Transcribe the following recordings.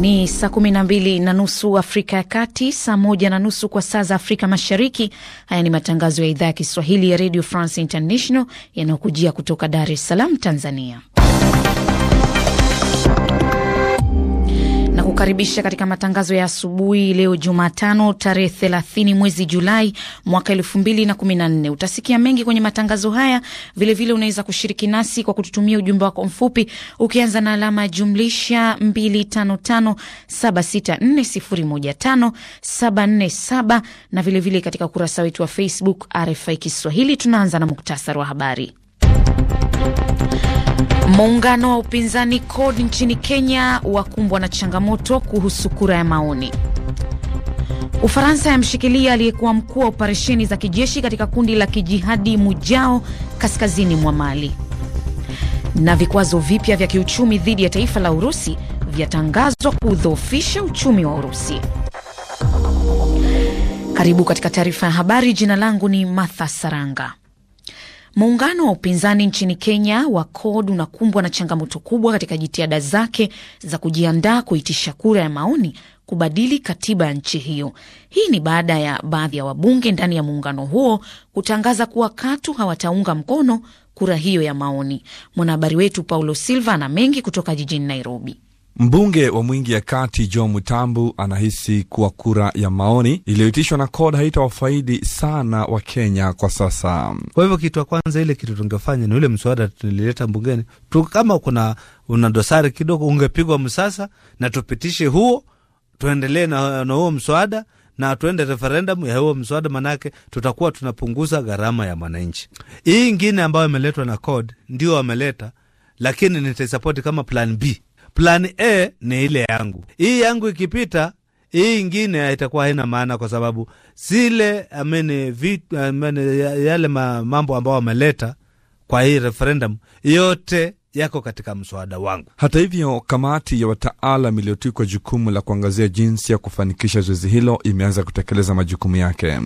Ni saa kumi na mbili na nusu Afrika ya Kati, saa moja na nusu kwa saa za Afrika Mashariki. Haya ni matangazo ya idhaa ya Kiswahili ya Radio France International yanayokujia kutoka Dar es Salaam, Tanzania. na kukaribisha katika matangazo ya asubuhi leo Jumatano tarehe 30 mwezi Julai mwaka 2014. Utasikia mengi kwenye matangazo haya. Vilevile unaweza kushiriki nasi kwa kututumia ujumbe wako mfupi ukianza na alama ya jumlisha 255764015747 na vilevile vile katika ukurasa wetu wa Facebook RFI Kiswahili. Tunaanza na muktasari wa habari. Muungano wa upinzani CORD nchini Kenya wakumbwa na changamoto kuhusu kura ya maoni. Ufaransa yamshikilia aliyekuwa mkuu wa operesheni za kijeshi katika kundi la kijihadi Mujao kaskazini mwa Mali. Na vikwazo vipya vya kiuchumi dhidi ya taifa la Urusi vyatangazwa kudhoofisha uchumi wa Urusi. Karibu katika taarifa ya habari. Jina langu ni Martha Saranga. Muungano wa upinzani nchini Kenya wa CORD unakumbwa na changamoto kubwa katika jitihada zake za kujiandaa kuitisha kura ya maoni kubadili katiba ya nchi hiyo. Hii ni baada ya baadhi ya wabunge ndani ya muungano huo kutangaza kuwa katu hawataunga mkono kura hiyo ya maoni. Mwanahabari wetu Paulo Silva ana mengi kutoka jijini Nairobi. Mbunge wa Mwingi ya Kati Joe Mutambu anahisi kuwa kura ya maoni iliyoitishwa na CORD haitawafaidi sana wa Kenya kwa sasa. Kwa hivyo kitu ya kwanza, ile kitu tungefanya ni ule mswada tulileta bungeni tu, kama kuna una dosari kidogo, ungepigwa msasa na tupitishe huo, tuendelee na, na huo mswada na tuende referendum ya huo mswada, manake tutakuwa tunapunguza gharama ya mwananchi. Hii ingine ambayo imeletwa na CORD ndio wameleta, lakini nitaisapoti kama plan B Plan A ni ile yangu, hii yangu ikipita hii ingine itakuwa haina maana, kwa sababu zile amene vitu amene yale mambo ambayo wameleta kwa hii referendum yote yako katika mswada wangu. Hata hivyo, kamati ya wataalam iliyotikwa jukumu la kuangazia jinsi ya kufanikisha zoezi hilo imeanza kutekeleza majukumu yake.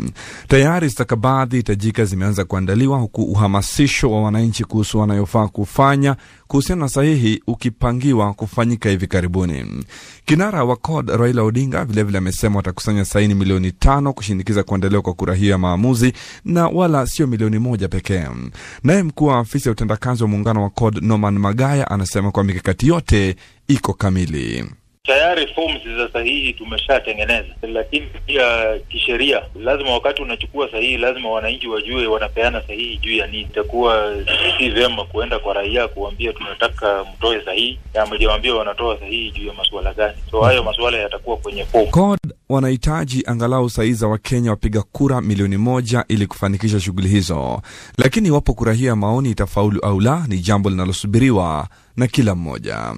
Tayari stakabadhi hitajika zimeanza kuandaliwa, huku uhamasisho wa wananchi kuhusu wanayofaa kufanya kuhusiana na sahihi ukipangiwa kufanyika hivi karibuni. Kinara wa CORD Raila Odinga vilevile amesema watakusanya saini milioni tano kushinikiza kuendelewa kwa kura hiyo ya maamuzi, na wala sio milioni moja pekee. Naye mkuu wa afisi ya utendakazi wa muungano wa CORD Norman Magaya anasema kuwa mikakati yote iko kamili tayari fomu za sahihi tumeshatengeneza, lakini pia kisheria lazima wakati unachukua sahihi lazima wananchi wajue wanapeana sahihi juu ya nini. Itakuwa si vyema kuenda kwa raia kuambia tunataka mtoe sahihi amejawambia wanatoa sahihi juu ya masuala gani. So hayo masuala yatakuwa kwenye fomu. wanahitaji angalau sahihi za Wakenya wapiga kura milioni moja ili kufanikisha shughuli hizo, lakini iwapo kura hiyo ya maoni itafaulu au la ni jambo linalosubiriwa na kila mmoja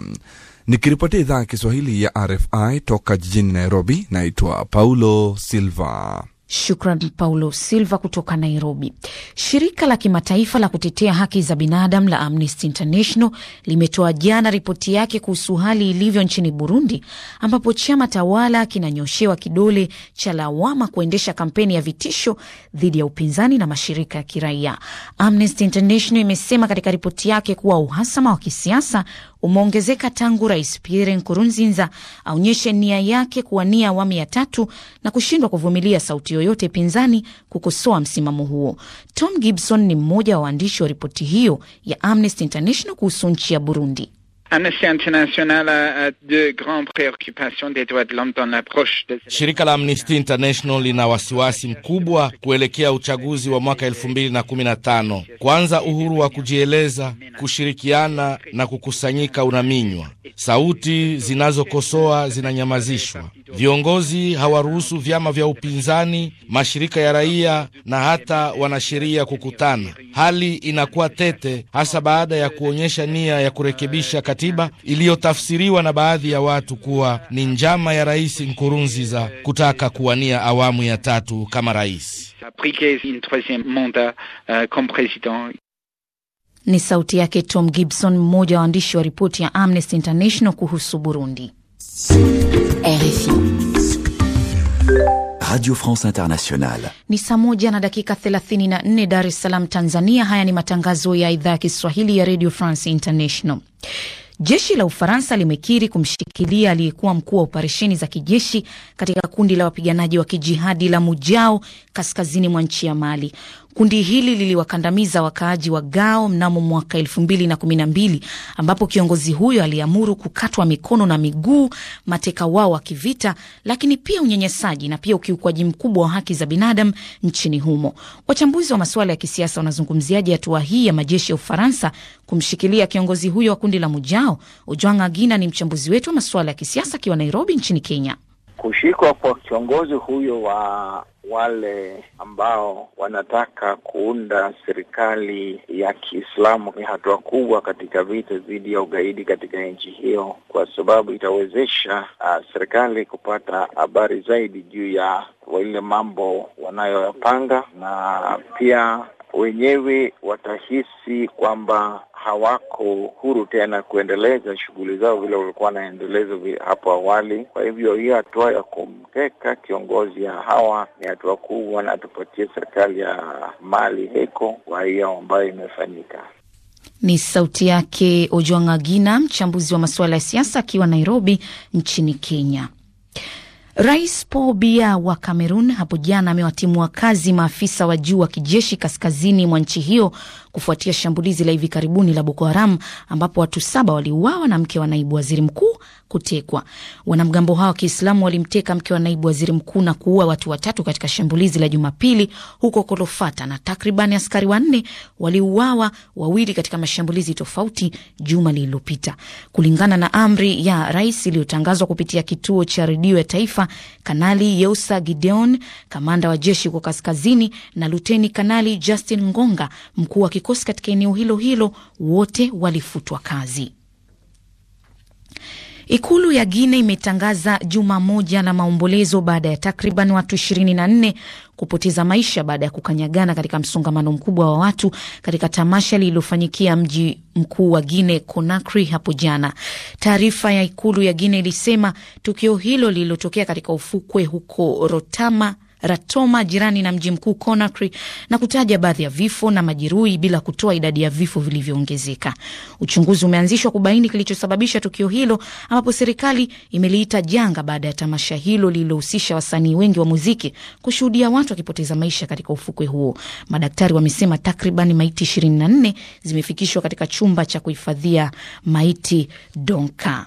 nikiripoti idhaa ya Kiswahili ya RFI toka jijini Nairobi, naitwa Paulo Silva. Shukran Paulo Silva kutoka Nairobi. Shirika la kimataifa la kutetea haki za binadamu la Amnesty International limetoa jana ripoti yake kuhusu hali ilivyo nchini Burundi, ambapo chama tawala kinanyoshewa kidole cha lawama kuendesha kampeni ya vitisho dhidi ya upinzani na mashirika ya kiraia. Amnesty International imesema katika ripoti yake kuwa uhasama wa kisiasa umeongezeka tangu Rais Pierre Nkurunziza aonyeshe nia yake kuwania awamu ya tatu na kushindwa kuvumilia sauti yoyote pinzani kukosoa msimamo huo. Tom Gibson ni mmoja wa waandishi wa ripoti hiyo ya Amnesty International kuhusu nchi ya Burundi. Amnesty International a deux grandes préoccupations des droits de l'homme dans l'approche. Shirika la Amnesty International lina wasiwasi mkubwa kuelekea uchaguzi wa mwaka 2015. Kwanza, uhuru wa kujieleza, kushirikiana na kukusanyika unaminywa. Sauti zinazokosoa zinanyamazishwa. Viongozi hawaruhusu vyama vya upinzani, mashirika ya raia na hata wanasheria kukutana. Hali inakuwa tete, hasa baada ya kuonyesha nia ya kurekebisha kati katiba iliyotafsiriwa na baadhi ya watu kuwa ni njama ya Rais Nkurunziza kutaka kuwania awamu ya tatu kama rais. Euh, ni sauti yake Tom Gibson, mmoja wa waandishi wa ripoti ya Amnesty International kuhusu Burundi. RFI Radio France Internationale. Ni saa moja na dakika 34 Dar es Salaam, Tanzania. Haya ni matangazo ya idhaa ya Kiswahili ya Radio France International. Jeshi la Ufaransa limekiri kumshikilia aliyekuwa mkuu wa operesheni za kijeshi katika kundi la wapiganaji wa kijihadi la Mujao kaskazini mwa nchi ya Mali. Kundi hili liliwakandamiza wakaaji wa Gao mnamo mwaka elfu mbili na kumi na mbili ambapo kiongozi huyo aliamuru kukatwa mikono na miguu mateka wao wa kivita, lakini pia unyanyasaji na pia ukiukwaji mkubwa wa haki za binadamu nchini humo. Wachambuzi wa masuala ya kisiasa wanazungumziaje hatua hii ya majeshi ya Ufaransa kumshikilia kiongozi huyo wa kundi la Mujao? Ujwanga agina ni mchambuzi wetu wa masuala ya kisiasa akiwa Nairobi nchini Kenya kushikwa kwa kiongozi huyo wa wale ambao wanataka kuunda serikali ya Kiislamu ni hatua kubwa katika vita dhidi ya ugaidi katika nchi hiyo, kwa sababu itawezesha uh, serikali kupata habari zaidi juu ya wale mambo wanayoyapanga, na pia wenyewe watahisi kwamba hawako huru tena kuendeleza shughuli zao vile walikuwa wanaendeleza hapo awali. Kwa hivyo hiyo hatua ya kumteka kiongozi ya hawa ni hatua kubwa, na tupatie serikali ya Mali heko kwa hiyo ambayo imefanyika. Ni sauti yake Ojwang Agina, mchambuzi wa masuala ya siasa akiwa Nairobi nchini Kenya. Rais Paul Biya wa Kamerun hapo jana amewatimua kazi maafisa wa juu wa kijeshi kaskazini mwa nchi hiyo kufuatia shambulizi la hivi karibuni la Boko Haram ambapo watu saba waliuawa na mke wa naibu waziri mkuu kutekwa. Wanamgambo hao wa Kiislamu walimteka mke wa naibu waziri mkuu na kuua watu watatu katika shambulizi la Jumapili huko Kolofata, na takriban askari wanne waliuawa, wawili katika mashambulizi tofauti juma lililopita, kulingana na amri ya rais iliyotangazwa kupitia kituo cha redio ya taifa. Kanali Yeusa Gideon, kamanda wa jeshi huko kaskazini, na luteni kanali Justin Ngonga, mkuu wa kikosi katika eneo hilo hilo wote walifutwa kazi. Ikulu ya Guine imetangaza juma moja la maombolezo baada ya takriban watu 24 kupoteza maisha baada ya kukanyagana katika msongamano mkubwa wa watu katika tamasha lililofanyikia mji mkuu wa Guine, Conakry, hapo jana. Taarifa ya ikulu ya Guine ilisema tukio hilo lililotokea katika ufukwe huko Rotama Ratoma, jirani na mji mkuu Conakry, na kutaja baadhi ya vifo na majeruhi bila kutoa idadi ya vifo vilivyoongezeka. Uchunguzi umeanzishwa kubaini kilichosababisha tukio hilo, ambapo serikali imeliita janga baada ya tamasha hilo lililohusisha wasanii wengi wa muziki kushuhudia watu wakipoteza maisha katika ufukwe huo. Madaktari wamesema takriban maiti 24 zimefikishwa katika chumba cha kuhifadhia maiti Donka.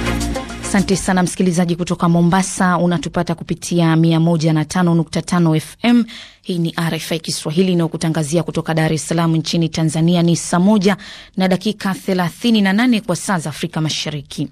Asante sana msikilizaji kutoka Mombasa, unatupata kupitia 105.5 FM. Hii ni RFI Kiswahili inayokutangazia kutoka Dar es Salaam nchini Tanzania. Ni saa moja na dakika 38 kwa saa za Afrika Mashariki.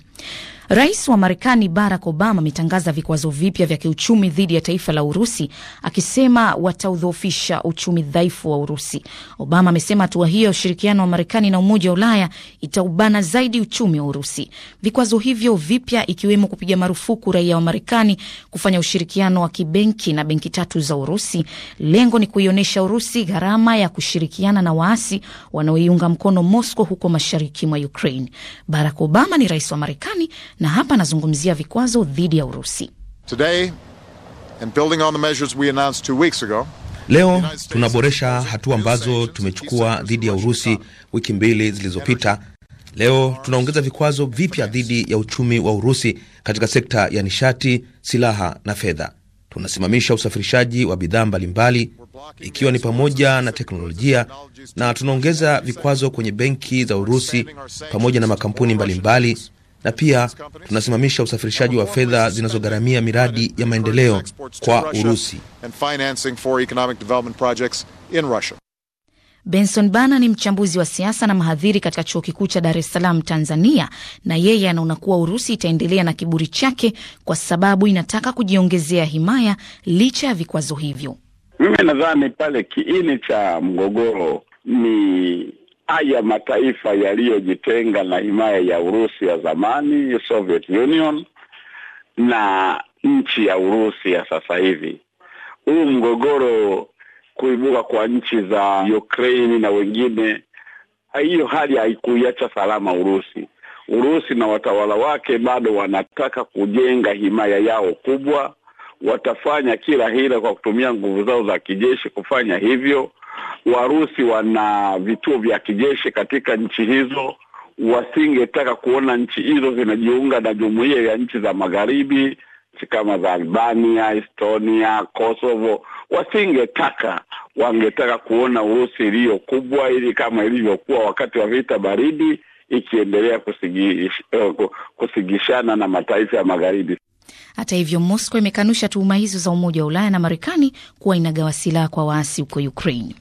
Rais wa Marekani Barack Obama ametangaza vikwazo vipya vya kiuchumi dhidi ya taifa la Urusi akisema wataudhoofisha uchumi dhaifu wa Urusi. Obama amesema hatua hiyo ya ushirikiano wa Marekani na Umoja wa Ulaya itaubana zaidi uchumi wa Urusi. Vikwazo hivyo vipya, ikiwemo kupiga marufuku raia wa Marekani kufanya ushirikiano wa kibenki na benki tatu za Urusi, lengo ni kuionyesha Urusi gharama ya kushirikiana na waasi wanaoiunga mkono Moscow huko mashariki mwa Ukraine. Barack Obama ni rais wa Marekani na hapa anazungumzia vikwazo dhidi ya Urusi. Today, and building on the measures we announced two weeks ago, Leo tunaboresha hatua ambazo tumechukua dhidi ya Urusi wiki mbili zilizopita. Leo tunaongeza vikwazo vipya dhidi ya uchumi wa Urusi katika sekta ya nishati, silaha na fedha. Tunasimamisha usafirishaji wa bidhaa mbalimbali ikiwa ni pamoja na teknolojia, na tunaongeza vikwazo kwenye benki za Urusi pamoja na makampuni mbalimbali mbali na pia tunasimamisha usafirishaji wa fedha zinazogharamia miradi ya maendeleo kwa Urusi. Benson Bana ni mchambuzi wa siasa na mhadhiri katika chuo kikuu cha Dar es Salaam, Tanzania, na yeye anaona kuwa Urusi itaendelea na kiburi chake kwa sababu inataka kujiongezea himaya licha ya vikwazo hivyo. Mimi nadhani pale kiini cha mgogoro ni haya mataifa yaliyojitenga na himaya ya Urusi ya zamani Soviet Union na nchi ya Urusi ya sasa hivi. Huu mgogoro, kuibuka kwa nchi za Ukraine na wengine, hiyo hali haikuiacha salama Urusi. Urusi na watawala wake bado wanataka kujenga himaya yao kubwa, watafanya kila hila kwa kutumia nguvu zao za kijeshi kufanya hivyo Warusi wana vituo vya kijeshi katika nchi hizo, wasingetaka kuona nchi hizo zinajiunga na jumuiya ya nchi za magharibi, nchi kama za Albania, Estonia, Kosovo, wasingetaka. Wangetaka kuona Urusi iliyo kubwa, ili kama ilivyokuwa wakati wa vita baridi, ikiendelea kusigish, eh, kusigishana na mataifa ya magharibi. Hata hivyo, Moscow imekanusha tuhuma hizo za Umoja wa Ulaya na Marekani kuwa inagawa silaha kwa waasi huko Ukraine.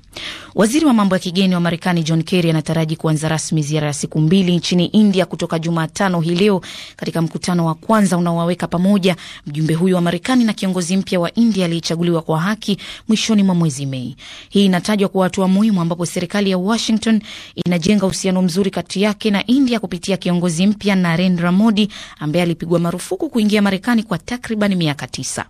Waziri wa mambo ya kigeni wa Marekani John Kerry anataraji kuanza rasmi ziara ya siku mbili nchini India kutoka Jumatano hii leo katika mkutano wa kwanza unaowaweka pamoja mjumbe huyo wa Marekani na kiongozi mpya wa India aliyechaguliwa kwa haki mwishoni mwa mwezi Mei. Hii inatajwa kuwa hatua muhimu ambapo serikali ya Washington inajenga uhusiano mzuri kati yake na India kupitia kiongozi mpya Narendra Modi ambaye alipigwa marufuku kuingia Marekani kwa takriban miaka tisa.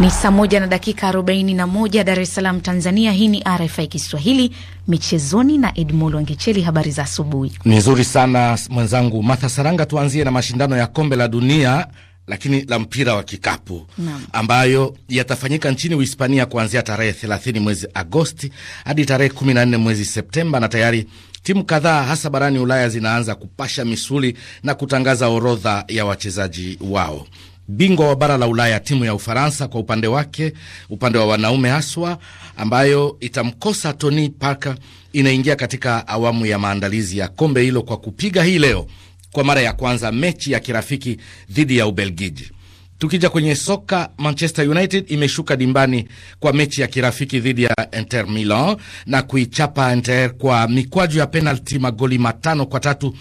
Ni saa moja na dakika 41 Dar es Salaam, Tanzania. Hii ni RFI Kiswahili. Michezoni na Edmol Wangecheli, habari za asubuhi. Ni nzuri sana mwenzangu Martha Saranga. Tuanzie na mashindano ya kombe la dunia lakini la mpira wa kikapu Naam. ambayo yatafanyika nchini Uhispania kuanzia tarehe 30 mwezi Agosti hadi tarehe 14 mwezi Septemba, na tayari timu kadhaa hasa barani Ulaya zinaanza kupasha misuli na kutangaza orodha ya wachezaji wao bingwa wa bara la Ulaya, timu ya Ufaransa kwa upande wake, upande wa wanaume haswa, ambayo itamkosa Tony Parker, inaingia katika awamu ya maandalizi ya kombe hilo kwa kupiga hii leo kwa mara ya kwanza mechi ya kirafiki dhidi ya Ubelgiji. Tukija kwenye soka, Manchester United imeshuka dimbani kwa mechi ya kirafiki dhidi ya Inter Milan na kuichapa Inter kwa mikwaju ya penalti magoli matano kwa tatu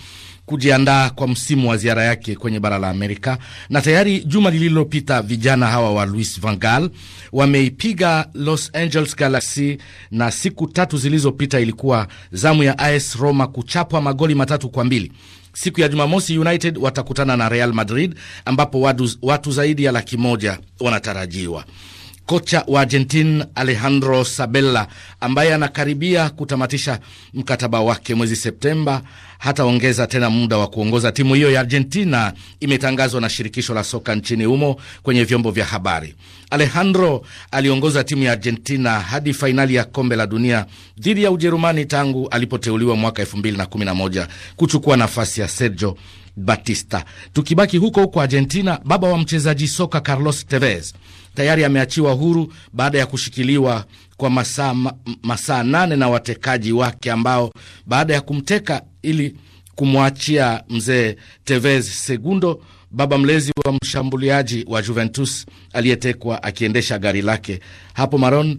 kujiandaa kwa msimu wa ziara yake kwenye bara la Amerika, na tayari juma lililopita vijana hawa wa Luis Van Gaal wameipiga Los Angeles Galaxy, na siku tatu zilizopita ilikuwa zamu ya AS Roma kuchapwa magoli matatu kwa mbili. Siku ya Jumamosi, United watakutana na Real Madrid ambapo watu, watu zaidi ya laki moja wanatarajiwa. Kocha wa Argentina Alejandro Sabella ambaye anakaribia kutamatisha mkataba wake mwezi Septemba hataongeza tena muda wa kuongoza timu hiyo ya Argentina, imetangazwa na shirikisho la soka nchini humo kwenye vyombo vya habari. Alejandro aliongoza timu ya Argentina hadi fainali ya kombe la dunia dhidi ya Ujerumani tangu alipoteuliwa mwaka 2011 kuchukua nafasi ya Sergio Batista. Tukibaki huko huko Argentina, baba wa mchezaji soka Carlos Tevez tayari ameachiwa huru baada ya kushikiliwa kwa masaa masaa nane na watekaji wake ambao baada ya kumteka ili kumwachia mzee Tevez Segundo, baba mlezi wa mshambuliaji wa Juventus aliyetekwa akiendesha gari lake. Hapo Maron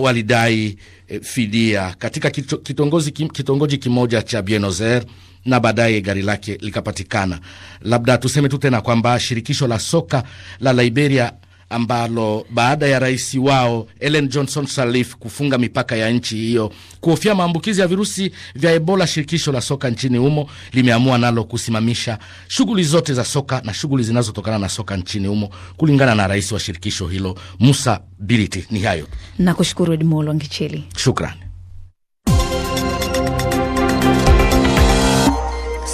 walidai e, fidia katika kitongozi, kitongoji kimoja cha Buenos Aires na baadaye gari lake likapatikana. Labda tuseme tu tena kwamba shirikisho la soka la Liberia ambalo baada ya rais wao Ellen Johnson Sirleaf kufunga mipaka ya nchi hiyo kuhofia maambukizi ya virusi vya Ebola, shirikisho la soka nchini humo limeamua nalo kusimamisha shughuli zote za soka na shughuli zinazotokana na soka nchini humo, kulingana na rais wa shirikisho hilo Musa Bility. Ni hayo, nakushukuru Edmolo Ngicheli, shukrani.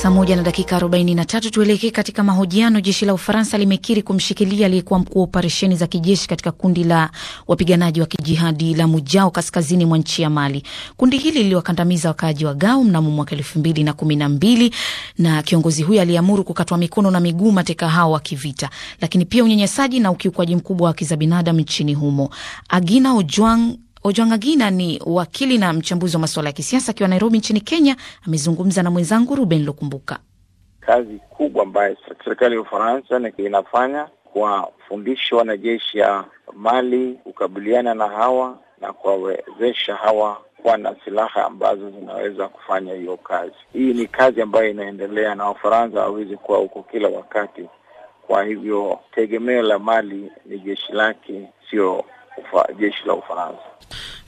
Saa moja na dakika 43 tuelekee katika mahojiano. Jeshi la Ufaransa limekiri kumshikilia aliyekuwa mkuu wa operesheni za kijeshi katika kundi la wapiganaji wa kijihadi la Mujao kaskazini mwa nchi ya Mali. Kundi hili liliwakandamiza wakaaji wa Gao mnamo mwaka elfu mbili na kumi na mbili na kiongozi huyo aliamuru kukatwa mikono na miguu mateka hao wa kivita, lakini pia unyanyasaji na ukiukwaji mkubwa wa haki za binadamu nchini humo. Agina Ojwang Ojwanga Gina ni wakili na mchambuzi wa masuala ya kisiasa akiwa Nairobi nchini Kenya. Amezungumza na mwenzangu Ruben Lukumbuka. Kazi kubwa ambayo serikali ya Ufaransa inafanya kuwafundisha wanajeshi ya Mali kukabiliana na hawa na kuwawezesha hawa kuwa na silaha ambazo zinaweza kufanya hiyo kazi. Hii ni kazi ambayo inaendelea, na Wafaransa hawawezi kuwa huko kila wakati. Kwa hivyo tegemeo la Mali ni jeshi lake, sio ufa, jeshi la Ufaransa.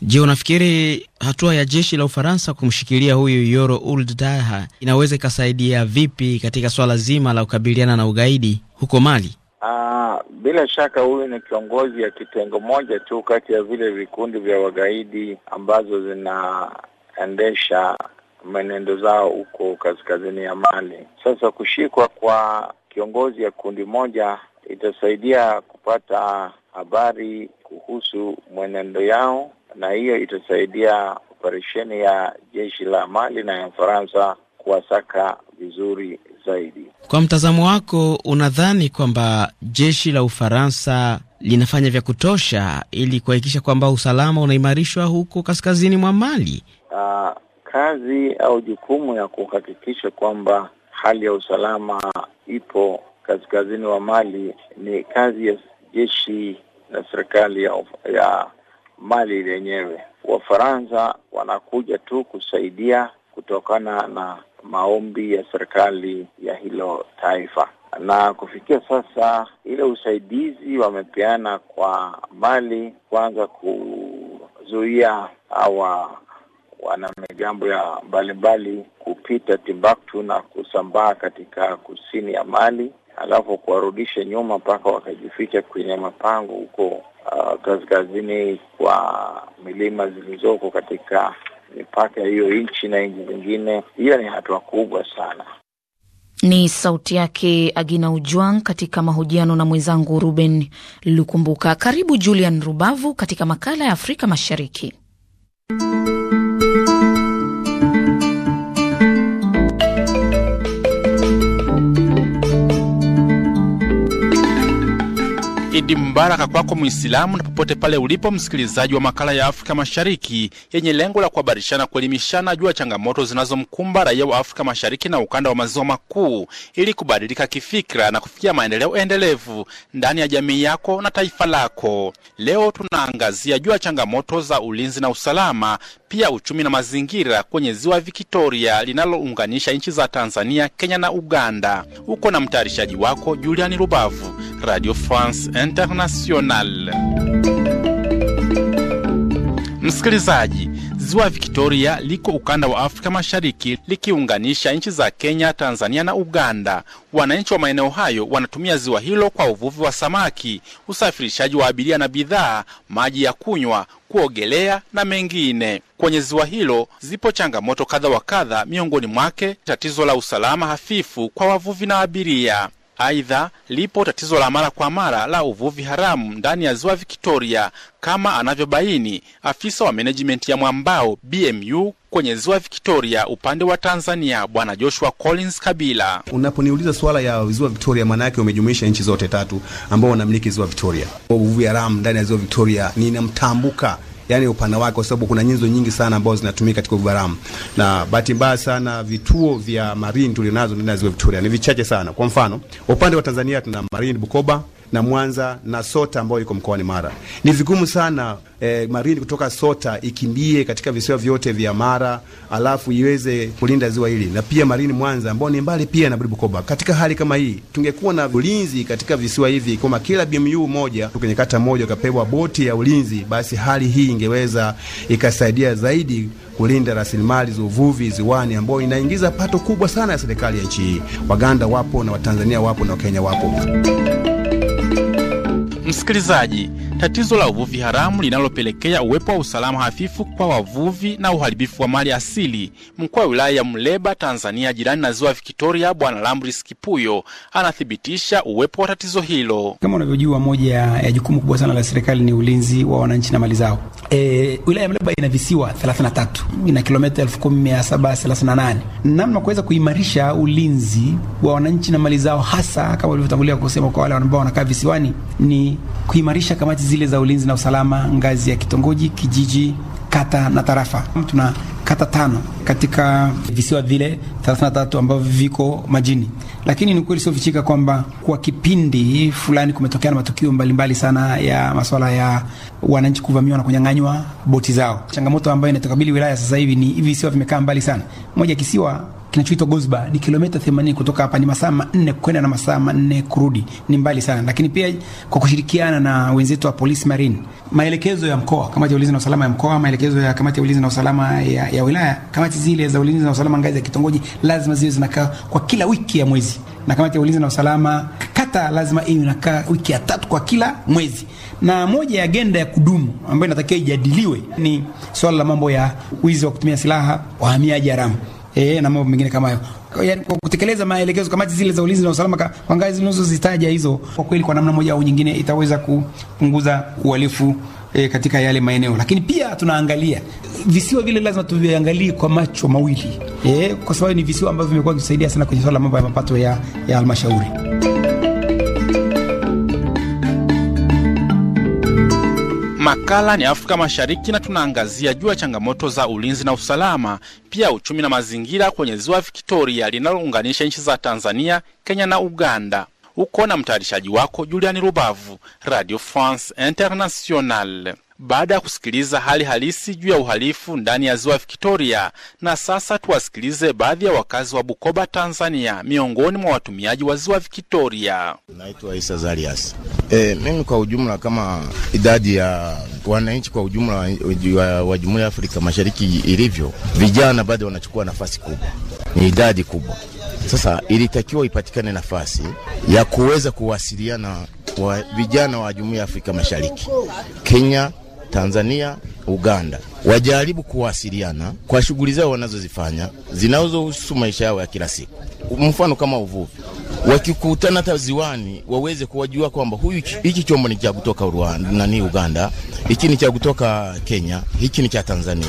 Je, unafikiri hatua ya jeshi la Ufaransa kumshikilia huyu Yoro uld Daha inaweza ikasaidia vipi katika swala zima la kukabiliana na ugaidi huko Mali? Aa, ah, bila shaka huyu ni kiongozi ya kitengo moja tu kati ya vile vikundi vya wagaidi ambazo zinaendesha mwenendo zao huko kaskazini ya Mali. Sasa kushikwa kwa kiongozi ya kundi moja itasaidia kupata habari kuhusu mwenendo yao, na hiyo itasaidia operesheni ya jeshi la Mali na ya Ufaransa kuwasaka vizuri zaidi. Kwa mtazamo wako, unadhani kwamba jeshi la Ufaransa linafanya vya kutosha ili kuhakikisha kwamba usalama unaimarishwa huko kaskazini mwa Mali? Uh, kazi au jukumu ya kuhakikisha kwamba hali ya usalama ipo kaskazini wa Mali ni kazi ya jeshi na serikali ya, ya Mali lenyewe. Wafaransa wanakuja tu kusaidia kutokana na maombi ya serikali ya hilo taifa, na kufikia sasa ile usaidizi wamepeana kwa Mali, kwanza kuzuia hawa wana migambo ya mbalimbali kupita Timbuktu na kusambaa katika kusini ya Mali alafu kuwarudisha nyuma mpaka wakajificha kwenye mapango huko uh, kaskazini kwa milima zilizoko katika mipaka hiyo nchi na nchi zingine. Hiyo ni hatua kubwa sana. Ni sauti yake Agina Ujwang katika mahojiano na mwenzangu Ruben Lukumbuka. Karibu Julian Rubavu katika makala ya Afrika Mashariki. Idi mbaraka kwako Muislamu na popote pale ulipo msikilizaji wa makala ya Afrika Mashariki yenye lengo la kuhabarishana, kuelimishana juu ya changamoto zinazomkumba raia wa Afrika Mashariki na ukanda wa maziwa makuu ili kubadilika kifikra na kufikia maendeleo endelevu ndani ya jamii yako na taifa lako. Leo tunaangazia juu ya changamoto za ulinzi na usalama, pia uchumi na mazingira kwenye ziwa Victoria linalounganisha nchi za Tanzania, Kenya na Uganda. Uko na mtayarishaji wako Juliani Rubavu, Radio France International. Msikilizaji, ziwa Victoria liko ukanda wa Afrika Mashariki likiunganisha nchi za Kenya, Tanzania na Uganda. Wananchi wa maeneo hayo wanatumia ziwa hilo kwa uvuvi wa samaki, usafirishaji wa abiria na bidhaa, maji ya kunywa, kuogelea na mengine. Kwenye ziwa hilo zipo changamoto kadha wa kadha, miongoni mwake tatizo la usalama hafifu kwa wavuvi na abiria. Aidha, lipo tatizo la mara kwa mara la uvuvi haramu ndani ya ziwa Victoria, kama anavyobaini afisa wa menejimenti ya mwambao BMU kwenye ziwa Victoria upande wa Tanzania, bwana Joshua Collins Kabila. Unaponiuliza swala ya ziwa Victoria, maana yake umejumuisha nchi zote tatu ambao wanamiliki ziwa Victoria. Uvuvi haramu ndani ya ziwa Victoria ninamtambuka yani upana wake, kwa sababu kuna nyenzo nyingi sana ambazo zinatumika katika Ugaramu, na bahati mbaya sana vituo vya marine tulionazo ndani ya ziwa Victoria ni vichache sana. Kwa mfano upande wa Tanzania tuna marine Bukoba na Mwanza na Sota ambayo iko mkoani Mara. Ni vigumu sana eh, marini kutoka Sota ikimbie katika visiwa vyote vya Mara alafu iweze kulinda ziwa hili na pia marini Mwanza ambao ni mbali pia na Bukoba. Katika hali kama hii, tungekuwa na ulinzi katika visiwa hivi, kama kila BMU moja kwenye kata moja ukapewa boti ya ulinzi, basi hali hii ingeweza ikasaidia zaidi kulinda rasilimali za uvuvi ziwani ambayo inaingiza pato kubwa sana ya serikali ya nchi hii. Waganda wapo na Watanzania wapo na Wakenya wapo. скрижаней. tatizo la uvuvi haramu linalopelekea uwepo wa usalama hafifu kwa wavuvi na uharibifu wa mali asili. Mkuu wa wilaya ya Muleba, Tanzania, jirani na ziwa Victoria, Bwana Lambris Kipuyo anathibitisha uwepo wa tatizo hilo. Kama unavyojua, moja ya jukumu kubwa sana la serikali ni ulinzi wa wananchi na mali zao. E, wilaya ya Muleba ina visiwa 33 ina kilomita 1738. Namna kuweza kuimarisha ulinzi wa wananchi na mali zao, hasa kama ulivyotangulia kusema, kwa wale ambao wanakaa visiwani ni kuimarisha kamati zile za ulinzi na usalama ngazi ya kitongoji, kijiji, kata na tarafa. Tuna kata tano katika visiwa vile 33 ambavyo viko majini, lakini ni kweli siofichika kwamba kwa kipindi fulani kumetokea na matukio mbalimbali mbali sana ya masuala ya wananchi kuvamiwa na kunyang'anywa boti zao. Changamoto ambayo inatokabili wilaya sasa hivi ni hivi visiwa vimekaa mbali sana, moja kisiwa kinachoitwa Gozba ni kilomita 80 kutoka hapa, ni masaa manne kwenda na masaa manne kurudi, ni mbali sana. Lakini pia kwa kushirikiana na wenzetu wa polisi marine, maelekezo ya mkoa, kamati ya ulinzi na usalama ya mkoa, maelekezo ya kamati ya ulinzi na usalama ya, ya wilaya, kamati zile za ulinzi na usalama ngazi ya kitongoji lazima ziwe zinakaa kwa kila wiki ya mwezi, na kamati ya ulinzi na usalama kata lazima iwe inakaa wiki ya tatu kwa kila mwezi. Na moja ya agenda ya kudumu ambayo inatakiwa ijadiliwe ni swala la mambo ya wizi wa kutumia silaha, wahamiaji haramu eh, na mambo mengine kama hayo, yaani kwa kutekeleza maelekezo kamati zile za ulinzi na usalama kwa ngazi zinazozitaja hizo, kwa kweli kwa namna moja au nyingine itaweza kupunguza uhalifu E, katika yale maeneo lakini pia tunaangalia visiwa vile, lazima tuviangalie kwa macho mawili e, kwa sababu ni visiwa ambavyo vimekuwa vikisaidia sana kwenye swala mambo ya mapato ya halmashauri. Makala ni Afrika Mashariki na tunaangazia juu ya changamoto za ulinzi na usalama, pia uchumi na mazingira kwenye ziwa Victoria linalounganisha nchi za Tanzania, Kenya na Uganda. Uko na mtayarishaji wako Juliani Rubavu, Radio France international baada ya kusikiliza hali halisi juu ya uhalifu ndani ya ziwa Victoria. Na sasa tuwasikilize baadhi ya wakazi wa Bukoba, Tanzania, miongoni mwa watumiaji wa ziwa Victoria. Naitwa Isa Zarias. E, mimi kwa ujumla kama idadi ya wananchi kwa ujumla wa Jumuiya ya Afrika Mashariki ilivyo, vijana bado wanachukua nafasi kubwa, ni idadi kubwa. Sasa ilitakiwa ipatikane nafasi ya kuweza kuwasiliana wa vijana wa Jumuiya ya Afrika Mashariki, Kenya Tanzania, Uganda wajaribu kuwasiliana kwa shughuli zao wanazozifanya zinazohusu maisha yao ya kila siku. Mfano kama uvuvi, wakikutana hata ziwani waweze kuwajua kwamba huyu hiki chombo ni cha kutoka Rwanda na ni Uganda, hiki ni cha kutoka Kenya, hiki ni cha Tanzania.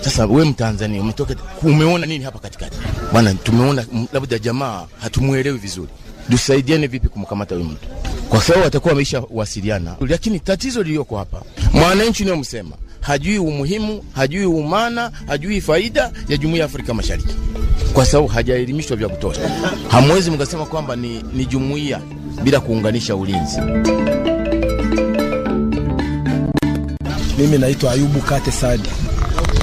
Sasa we Mtanzania umetoka umeona nini hapa katikati? Bwana, tumeona labda jamaa hatumwelewi vizuri, tusaidiane vipi kumkamata huyu mtu? kwa sababu watakuwa wameisha wasiliana. Lakini tatizo liliyoko hapa, mwananchi unayomsema hajui umuhimu, hajui umana, hajui faida ya jumuiya ya Afrika Mashariki kwa sababu hajaelimishwa vya kutosha. Hamwezi mkasema kwamba ni, ni jumuiya bila kuunganisha ulinzi. Mimi naitwa Ayubu Kate Sadi.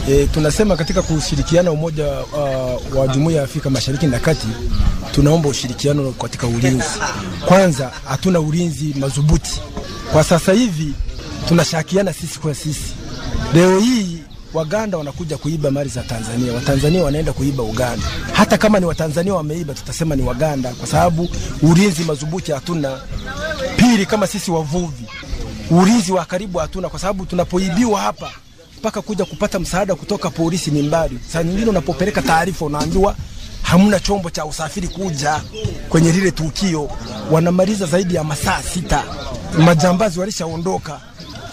E, tunasema katika kushirikiana umoja uh, wa Jumuiya ya Afrika Mashariki na Kati, tunaomba ushirikiano katika ulinzi. Kwanza hatuna ulinzi madhubuti kwa sasa hivi, tunashakiana sisi kwa sisi. Leo hii Waganda wanakuja kuiba mali za Tanzania, Watanzania wanaenda kuiba Uganda. Hata kama ni Watanzania wameiba, tutasema ni Waganda kwa sababu ulinzi madhubuti hatuna. Pili, kama sisi wavuvi, ulinzi wa karibu hatuna, kwa sababu tunapoibiwa hapa mpaka kuja kupata msaada kutoka polisi ni mbali. Saa nyingine unapopeleka taarifa unaambiwa hamna chombo cha usafiri kuja kwenye lile tukio, wanamaliza zaidi ya masaa sita, majambazi walishaondoka.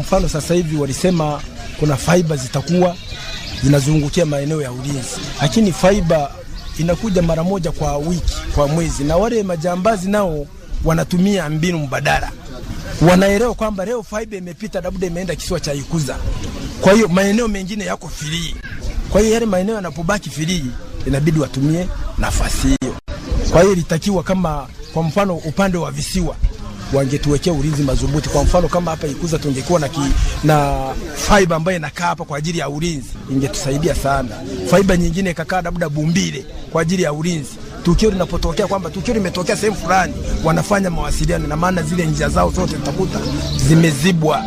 Mfano sasa hivi walisema kuna faiba zitakuwa zinazungukia maeneo ya ulinzi, lakini faiba inakuja mara moja kwa wiki, kwa mwezi, na wale majambazi nao wanatumia mbinu mbadala wanaelewa kwamba leo faiba imepita, labda imeenda kisiwa cha Ikuza, kwa hiyo maeneo mengine yako filii. Kwa hiyo yale maeneo yanapobaki filii, inabidi watumie nafasi hiyo. Kwa hiyo ilitakiwa kama kwa mfano upande wa visiwa wangetuwekea ulinzi madhubuti. Kwa mfano kama hapa Ikuza tungekuwa na, na faiba ambayo inakaa hapa kwa ajili ya ulinzi, ingetusaidia sana. Faiba nyingine ikakaa labda bumbile kwa ajili ya ulinzi, tukio linapotokea, kwamba tukio limetokea sehemu fulani, wanafanya mawasiliano, na maana zile njia zao zote tutakuta zimezibwa.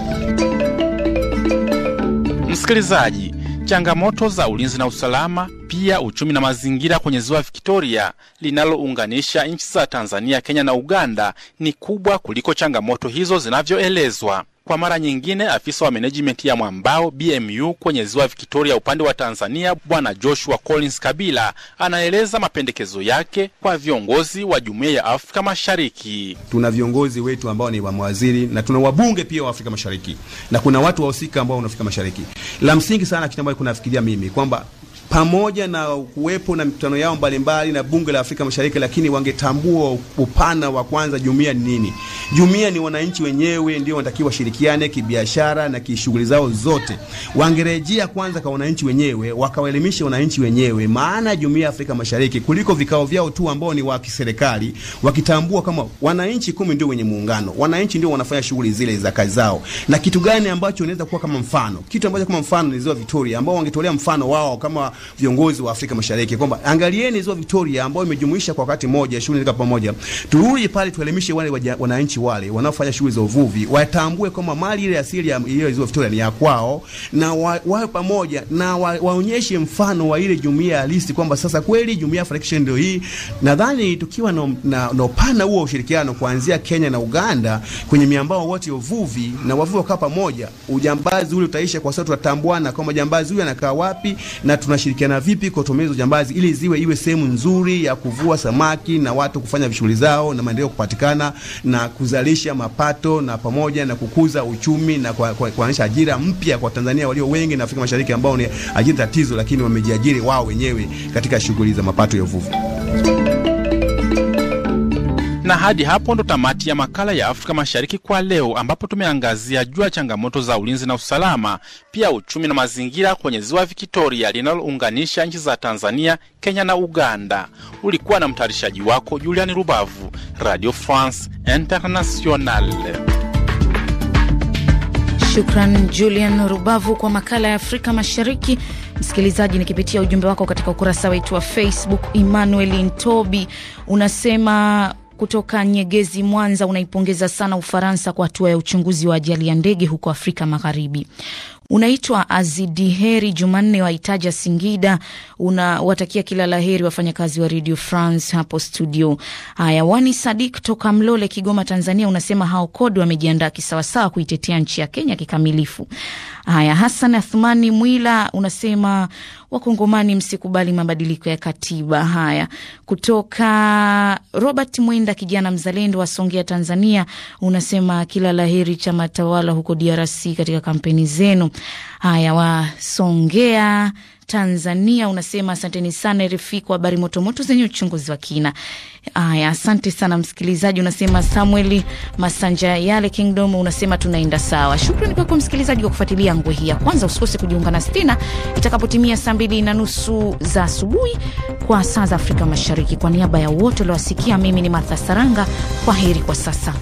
Msikilizaji, changamoto za ulinzi na usalama, pia uchumi na mazingira kwenye ziwa Victoria linalounganisha nchi za Tanzania, Kenya na Uganda ni kubwa kuliko changamoto hizo zinavyoelezwa. Kwa mara nyingine, afisa wa management ya mwambao BMU kwenye ziwa Victoria upande wa Tanzania, Bwana Joshua Collins Kabila anaeleza mapendekezo yake kwa viongozi wa jumuiya ya Afrika Mashariki. Tuna viongozi wetu ambao ni wamawaziri na tuna wabunge pia wa Afrika Mashariki na kuna watu wahusika ambao wanafika Afrika Mashariki. La msingi sana kitu ambacho kunafikiria mimi kwamba pamoja na kuwepo na mikutano yao mbalimbali na bunge la Afrika Mashariki, lakini wangetambua upana wa kwanza, jumuiya ni nini? Jumuiya ni wananchi wenyewe, ndio wanatakiwa washirikiane kibiashara na kishughuli zao zote. Wangerejea kwanza kwa wananchi wenyewe, wakawaelimisha wananchi wenyewe maana jumuiya Afrika Mashariki, kuliko vikao vyao tu ambao ni wa kiserikali, wakitambua kama wananchi kumi ndio wenye muungano, wananchi ndio wanafanya shughuli zile za kazi zao, na kitu gani ambacho unaweza kuwa kama mfano, kitu ambacho kama mfano ni ziwa Victoria, ambao wangetolea mfano wao kama viongozi wa Afrika Mashariki kwamba angalieni ziwa Victoria ambayo imejumuisha kwa wakati moja shughuli zika pamoja. Turudi pale tuelimishe wale wananchi wale wanaofanya shughuli za uvuvi watambue kwamba mali ile asili ya ile ziwa Victoria ni ya kwao, na wawe wa pamoja na wa, waonyeshe mfano wa ile jumuiya halisi kwamba sasa kweli jumuiya Afrika Mashariki ndio hii. Nadhani tukiwa na, na, na upana huo ushirikiano kuanzia Kenya na Uganda kwenye miambao wote uvuvi na wavuvi wakaa pamoja, ujambazi ule utaisha, kwa sababu tutatambuana kwamba jambazi huyu anakaa wapi na tuna mnashirikiana vipi kutokomeza jambazi ili ziwe iwe sehemu nzuri ya kuvua samaki na watu kufanya shughuli zao na maendeleo kupatikana na kuzalisha mapato na pamoja na kukuza uchumi na kuanisha ajira mpya kwa Tanzania walio wengi na Afrika Mashariki ambao ni ajira tatizo, lakini wamejiajiri wao wenyewe katika shughuli za mapato ya uvuvi. Na hadi hapo ndo tamati ya makala ya Afrika Mashariki kwa leo, ambapo tumeangazia juu ya changamoto za ulinzi na usalama, pia uchumi na mazingira kwenye ziwa viktoria linalounganisha nchi za Tanzania, Kenya na Uganda. Ulikuwa na mtayarishaji wako Juliani Rubavu, Radio France Internationale. Shukran Julian Rubavu kwa makala ya Afrika Mashariki. Msikilizaji, nikipitia ujumbe wako katika ukurasa wetu wa Facebook, Emmanuel Ntobi unasema kutoka Nyegezi, Mwanza, unaipongeza sana Ufaransa kwa hatua ya uchunguzi wa ajali ya ndege huko Afrika Magharibi. Unaitwa Azidi Heri Jumanne wa Itaja, Singida, unawatakia kila la heri wafanyakazi wa Radio France hapo studio. Haya, Wani Sadik toka Mlole, Kigoma, Tanzania, unasema hao kodi wamejiandaa kisawasawa kuitetea nchi ya Kenya kikamilifu. Haya, Hasan Athmani Mwila unasema Wakongomani msikubali mabadiliko ya katiba. Haya kutoka Robert Mwenda, kijana mzalendo wa Songea, Tanzania, unasema kila laheri chama tawala huko DRC katika kampeni zenu. Haya, Wasongea Tanzania unasema asanteni sana RFI kwa habari motomoto zenye uchunguzi wa kina. Aya, asante sana msikilizaji. Unasema Samuel Masanja yale Kingdom, unasema tunaenda sawa. Shukrani kwako msikilizaji kwa kufuatilia ngwe hii ya kwanza. Usikose kujiunga na stina itakapotimia saa mbili na nusu za asubuhi kwa saa za Afrika Mashariki. Kwa niaba ya wote uliowasikia, mimi ni Martha Saranga. Kwa heri kwa sasa.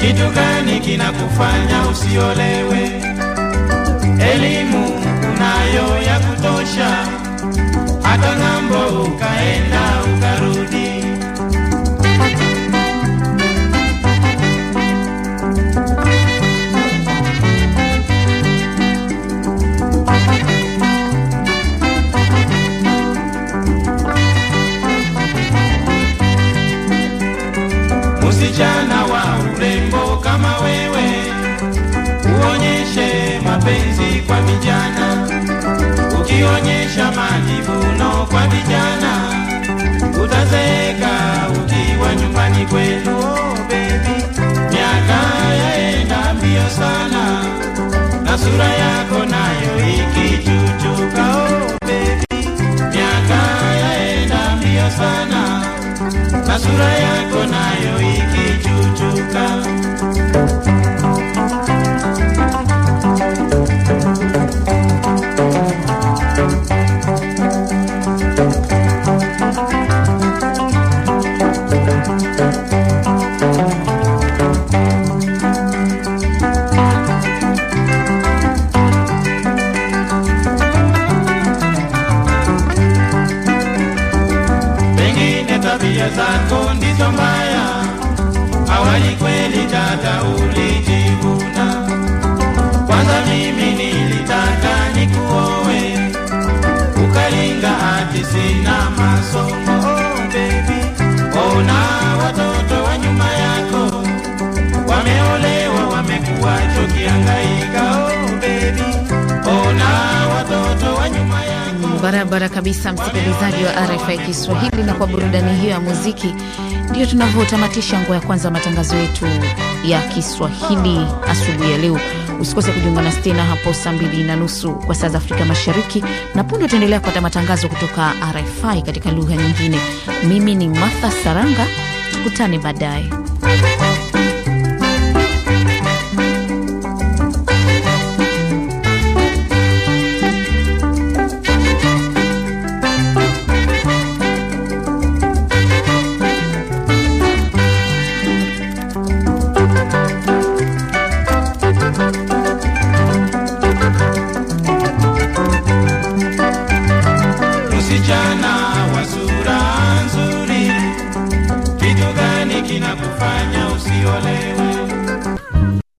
Kitu gani kinakufanya usiolewe? Elimu unayo ya kutosha, hata ng'ambo ukaenda ukarudi. Msichana wa kama wewe, uonyeshe mapenzi kwa vijana. Ukionyesha majivuno kwa vijana, utazeeka ukiwa nyumbani kwenu. Oh, baby, miaka yaenda mbio sana na sura yako nayo ikichuchuka. Oh, baby, miaka yaenda mbio sana na sura yako nayo ikichuchuka barabara kabisa, msikilizaji wa RFI Kiswahili, na kwa burudani hiyo ya muziki ndio tunavyotamatisha nguo ya kwanza matangazo yetu ya Kiswahili asubuhi ya leo. Usikose kujiunga na stena hapo saa mbili na nusu kwa saa za Afrika Mashariki, na punde utaendelea kupata matangazo kutoka RFI katika lugha nyingine. Mimi ni Martha Saranga, tukutane baadaye.